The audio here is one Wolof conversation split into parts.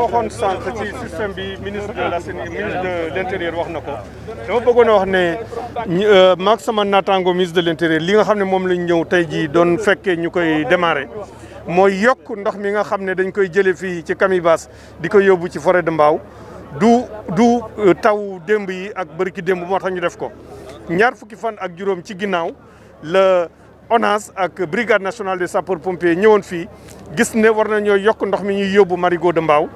ma waxoon sànq ci système bi ministre de l'intérieur wax na ko dama bëggoon a wax ne euh, maag sama naataango ministre de l'intérieur li nga xam ne moom lañu ñëw tey jii doon fekkee ñu koy démarrer mooy yokk ndox mi nga xam ne dañ koy jëlee fii ci Camibas di ko yóbbu ci forêt de Mbao du du euh, taw démb yi ak bërki démb moo tax ñu def ko ñaar fukki fan ak juróom ci ginnaaw la ONAS ak brigade nationale des sapeurs pompiers ñëwoon fii gis ne war nañoo yokk ndox mi ñuy yóbbu marigot de Mbao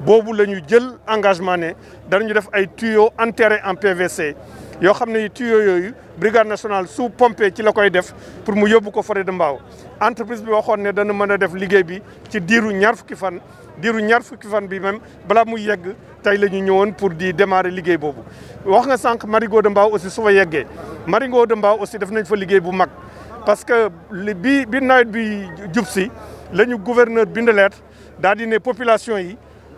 bobu lañu jël engagement ne dañu def ay tuyaux enterrés en PVC yo xamné tuyaux yoyu brigade nationale sous pompé ci la koy def pour mu yóbbu ko foré de mbaw entreprise bi waxone né dañu mëna def liguey bi ci diru ñaar fukki fan diiru ñaar fukki fan bi même balaa mu yegg tay lañu ñëwon pour di démarrer liguey bobu wax nga sank marigot de mbaw aussi su fa yeggee marigot de mbaw aussi def nañ fa liguey bu mag parce que bi bi nawet bi jub lañu gouverneur bind lettre daal di population yi.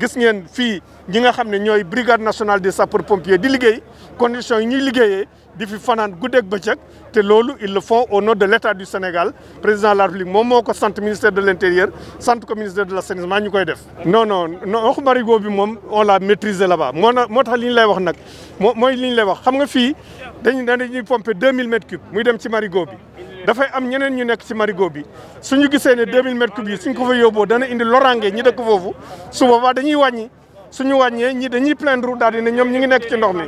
gis ngeen fii ñi nga xam ne ñooy brigade nationale des sapeurs pompiers di liggéey condition yi ñuy liggéeyee di fi fanaan guddeeg bëccëg te loolu ils le font au nom de l' état du Sénégal président de la République moom moo ko sant ministère de l' intérieur sant ko ministère de l' assainissement ñu koy def. non non non waxu marigot bi moom on l'a maîtrise là-bas moo na moo tax li ñu lay wax nag moo mooy li ñu lay wax xam nga fii dañuy dañuy pomper 2000 mètres cubes muy dem ci marigot bi. dafay am ñeneen ñu nekk ci marigot bi ñu gisee ne 2000 mètres cubes yi suñ ko fa yóbboo dana indi lorangee ñu dëkk foofu su boobaa dañuy wàññi suñu wàññee ñi dañuy plaindre daal di ne ñoom ñu ngi nekk ci ndox mi